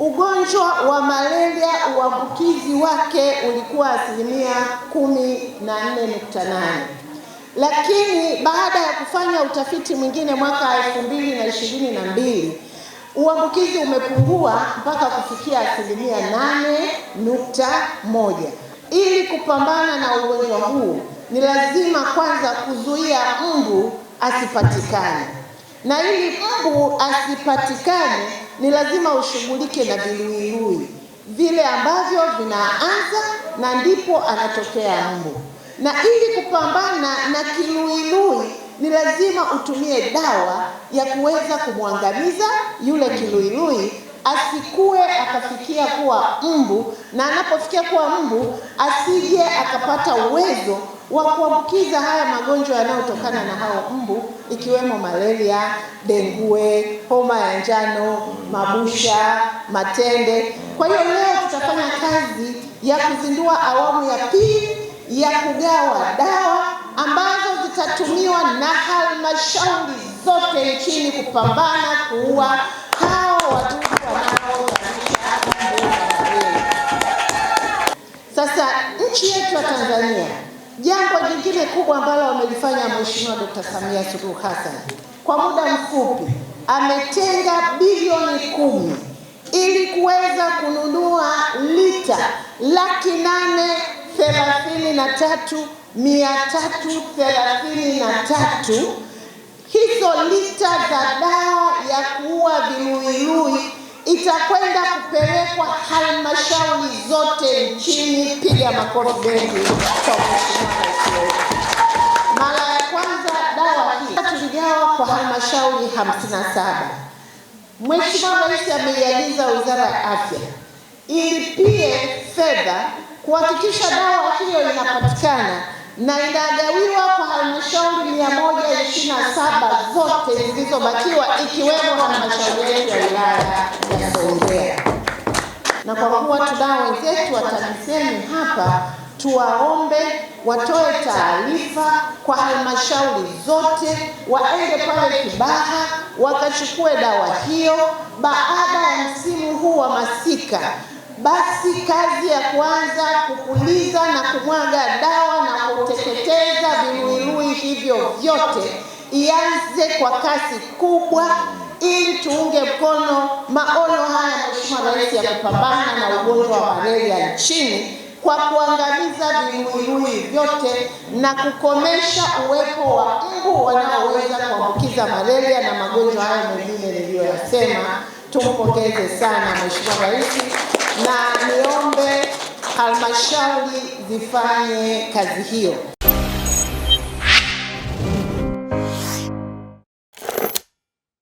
Ugonjwa wa malaria uambukizi wake ulikuwa asilimia 14.8, lakini baada ya kufanya utafiti mwingine mwaka 2022 na uambukizi umepungua mpaka kufikia asilimia 8.1. Ili kupambana na ugonjwa huu ni lazima kwanza kuzuia mbu asipatikane, na ili mbu asipatikane ni lazima ushughulike na viluilui vile ambavyo vinaanza na ndipo anatokea mbu, na ili kupambana na kilu ni lazima utumie dawa ya kuweza kumwangamiza yule kiluilui asikue akafikia kuwa mbu, na anapofikia kuwa mbu asije akapata uwezo wa kuambukiza haya magonjwa yanayotokana na hao mbu, ikiwemo malaria, dengue, homa ya njano, mabusha, matende. Kwa hiyo leo tutafanya kazi ya kuzindua awamu ya pili ya kugawa dawa ambazo utatumiwa na halmashauri zote nchini kupambana kuua hao wadudu sasa nchi yetu ya Tanzania. Jambo jingine kubwa ambalo wamelifanya Mheshimiwa Dkt. Samia Suluhu Hassan kwa muda mfupi ametenga bilioni kumi ili kuweza kununua lita laki nane thelathini na tatu mia tatu thelathini na tatu hizo lita za dawa ya kuua viluilui itakwenda kupelekwa halmashauri zote nchini. Piga makofi mengi. Mara ya kwanza dawa hii tuligawa kwa halmashauri 57. Mheshimiwa Rais ameiagiza Wizara ya Afya ilipie fedha kuhakikisha dawa hiyo inapatikana na inagawiwa kwa halmashauri mia moja ishirini na saba zote zilizobakiwa ikiwemo halmashauri yetu ya wilaya ya Songea. Na kwa kuwa tunao wenzetu wa TAMISEMI hapa, tuwaombe watoe taarifa kwa halmashauri zote, waende pale Kibaha wakachukue dawa hiyo baada ya msimu huu wa masika basi kazi ya kuanza kupuliza na kumwaga dawa na kuteketeza viluilui hivyo vyote ianze kwa kasi kubwa, ili tuunge mkono maono haya Mheshimiwa Rais ya kupambana na ugonjwa wa malaria nchini kwa kuangamiza viluilui vyote na kukomesha uwepo wa mbu wanaoweza kuambukiza malaria na magonjwa hayo mengine niliyoyasema. Tumpongeze sana Mheshimiwa Rais na niombe halmashauri zifanye kazi hiyo.